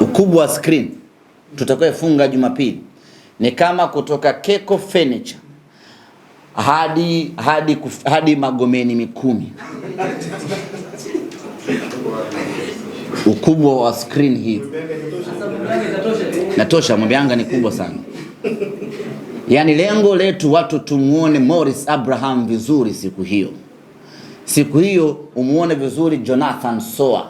Ukubwa wa screen funga Jumapili ni kama kutoka Keko Furniture hadi hadi hadi Magomeni Mikumi. Ukubwa wa screen hii natosha, mwambianga ni kubwa sana. Yaani lengo letu watu tumuone Morris Abraham vizuri siku hiyo. Siku hiyo umuone vizuri Jonathan Soa,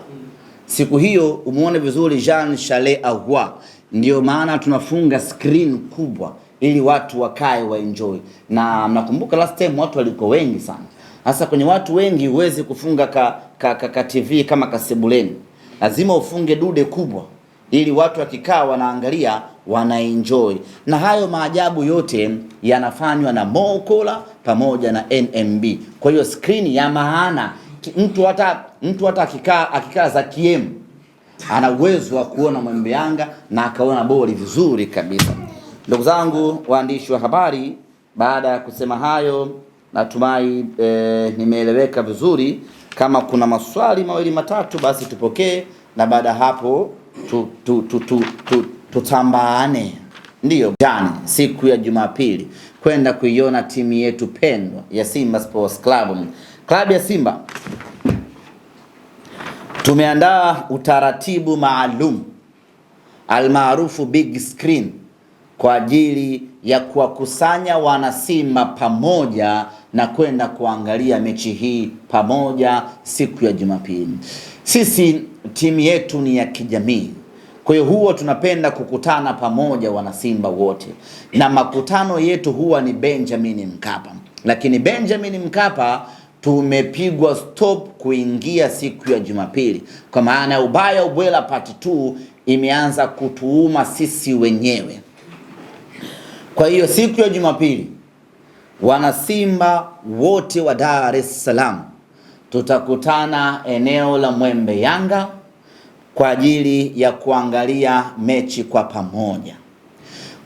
siku hiyo umuone vizuri Jean Shale Ahua. Ndiyo maana tunafunga screen kubwa ili watu wakae waenjoy, na mnakumbuka last time watu waliko wengi sana. Hasa kwenye watu wengi huwezi kufunga ka, ka, ka, ka TV kama kasebuleni, lazima ufunge dude kubwa ili watu wakikaa wanaangalia wanaenjoy, na hayo maajabu yote yanafanywa na Mokola pamoja na NMB. Kwa hiyo skrini ya maana, mtu hata mtu hata akikaa akikaa za kiemu ana uwezo wa kuona mwembe Yanga na akaona boli vizuri kabisa. Ndugu zangu waandishi wa habari, baada ya kusema hayo, natumai e, nimeeleweka vizuri. Kama kuna maswali mawili matatu, basi tupokee na baada hapo tutambaane ndiyo jana siku ya Jumapili kwenda kuiona timu yetu pendwa ya Simba Sports Club. Klabu ya Simba tumeandaa utaratibu maalum almaarufu big screen kwa ajili ya kuwakusanya wanasimba pamoja na kwenda kuangalia mechi hii pamoja siku ya Jumapili. Sisi timu yetu ni ya kijamii, kwa hiyo huwa tunapenda kukutana pamoja wanasimba wote, na makutano yetu huwa ni Benjamin Mkapa, lakini Benjamin Mkapa tumepigwa stop kuingia siku ya Jumapili, kwa maana ubaya ubwela part 2 imeanza kutuuma sisi wenyewe. Kwa hiyo siku ya Jumapili wanasimba wote wa Dar es Salaam tutakutana eneo la Mwembe Yanga kwa ajili ya kuangalia mechi kwa pamoja.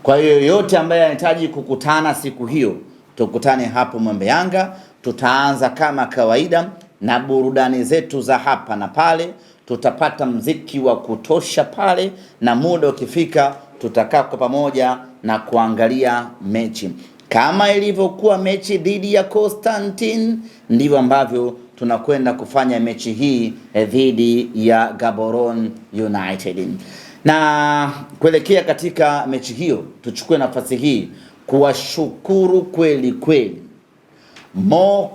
Kwa hiyo yote ambaye anahitaji kukutana siku hiyo, tukutane hapo Mwembe Yanga. Tutaanza kama kawaida na burudani zetu za hapa na pale, tutapata mziki wa kutosha pale, na muda ukifika tutakaa kwa pamoja na kuangalia mechi kama ilivyokuwa mechi dhidi ya Constantine, ndivyo ambavyo tunakwenda kufanya mechi hii eh, dhidi ya Gaborone United. Na kuelekea katika mechi hiyo, tuchukue nafasi hii kuwashukuru kweli kweli Mo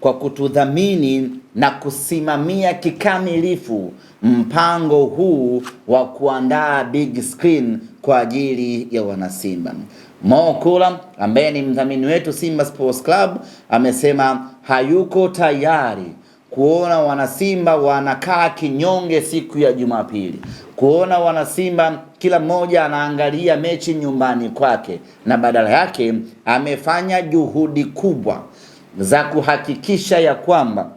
kwa kutudhamini na kusimamia kikamilifu mpango huu wa kuandaa big screen kwa ajili ya wanasimba. Mo Kula ambaye ni mdhamini wetu Simba Sports Club amesema hayuko tayari kuona wanasimba wanakaa kinyonge siku ya Jumapili, kuona wanasimba kila mmoja anaangalia mechi nyumbani kwake, na badala yake amefanya juhudi kubwa za kuhakikisha ya kwamba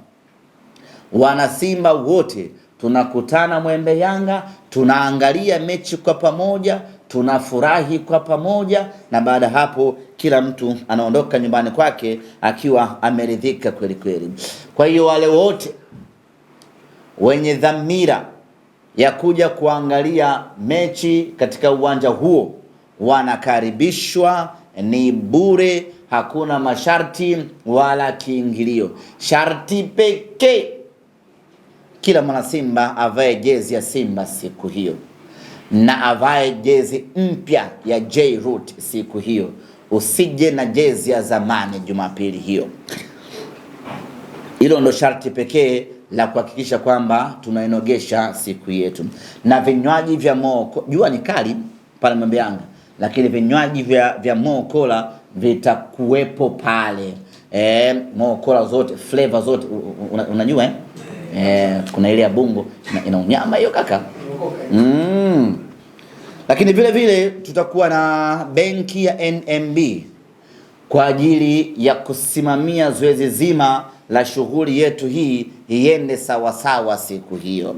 wanasimba wote tunakutana Mwembe Yanga, tunaangalia mechi kwa pamoja, tunafurahi kwa pamoja, na baada ya hapo kila mtu anaondoka nyumbani kwake akiwa ameridhika kweli kweli. Kwa hiyo wale wote wenye dhamira ya kuja kuangalia mechi katika uwanja huo wanakaribishwa, ni bure hakuna masharti wala kiingilio. Sharti pekee kila mwana Simba avae jezi ya Simba siku hiyo na avae jezi mpya ya J Root siku hiyo. Usije na jezi ya zamani Jumapili hiyo. Hilo ndo sharti pekee la kuhakikisha kwamba tunainogesha siku yetu. Na vinywaji vya Mo, jua ni kali pale Mwembe Yanga, lakini vinywaji vya, vya Mo vitakuwepo pale e, eh, mokola zote flavor zote unajua eh? E, kuna ile ya bungo ina, ina unyama hiyo kaka mm. Lakini vile vile tutakuwa na benki ya NMB kwa ajili ya kusimamia zoezi zima la shughuli yetu hii iende sawasawa siku hiyo.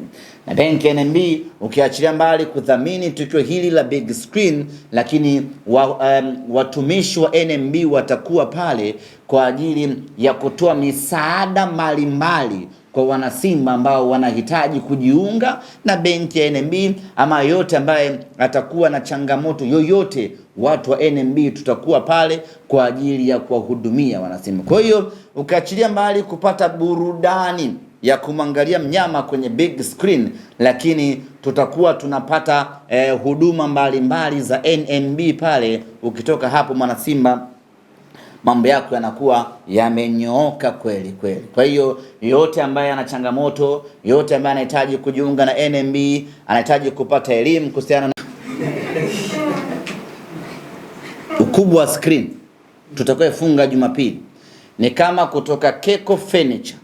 Na benki NMB ukiachilia mbali kudhamini tukio hili la big screen, lakini wa, um, watumishi wa NMB watakuwa pale kwa ajili ya kutoa misaada mbalimbali kwa wanasimba ambao wanahitaji kujiunga na benki ya NMB ama yote ambaye atakuwa na changamoto yoyote watu wa NMB tutakuwa pale kwa ajili ya kuwahudumia wanasema. Kwa hiyo ukiachilia mbali kupata burudani ya kumwangalia mnyama kwenye big screen, lakini tutakuwa tunapata eh, huduma mbalimbali mbali za NMB pale. Ukitoka hapo mwanasimba mambo yako yanakuwa yamenyooka kweli kweli. Kwa hiyo yote ambaye ana changamoto yote ambaye anahitaji kujiunga na NMB, anahitaji kupata elimu kuhusiana na ukubwa wa screen tutakayofunga Jumapili ni kama kutoka Keko Furniture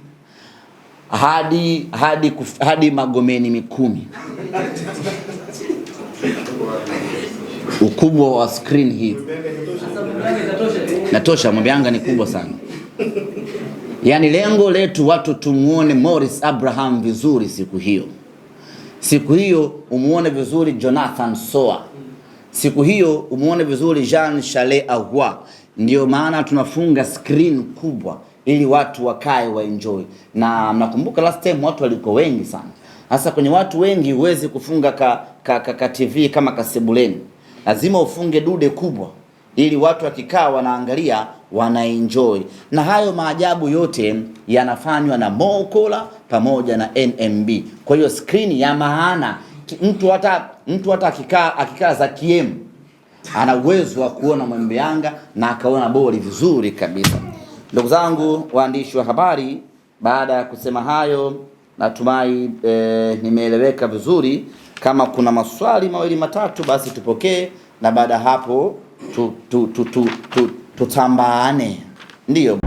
hadi hadi hadi Magomeni Mikumi ukubwa wa screen hii natosha. mwambianga ni kubwa sana. Yaani lengo letu watu tumuone Morris Abraham vizuri siku hiyo, siku hiyo umuone vizuri Jonathan Soa siku hiyo umuone vizuri Jean Chalet Ahoua. Ndiyo maana tunafunga screen kubwa ili watu wakae waenjoy, na mnakumbuka last time watu walikuwa wengi sana. Sasa kwenye watu wengi huwezi kufunga ka, ka, ka, ka TV kama kasebuleni, lazima ufunge dude kubwa ili watu wakikaa wanaangalia wanaenjoy. Na hayo maajabu yote yanafanywa na Mokola pamoja na NMB. Kwa hiyo skrini ya maana mtu hata mtu hata akikaa akikaa za kiemu ana uwezo wa kuona mwembe Yanga na akaona boli vizuri kabisa. Ndugu zangu waandishi wa habari, baada ya kusema hayo, natumai e, nimeeleweka vizuri. Kama kuna maswali mawili matatu, basi tupokee na baada hapo tu, tu, tu, tu, tu, tutambaane, ndiyo.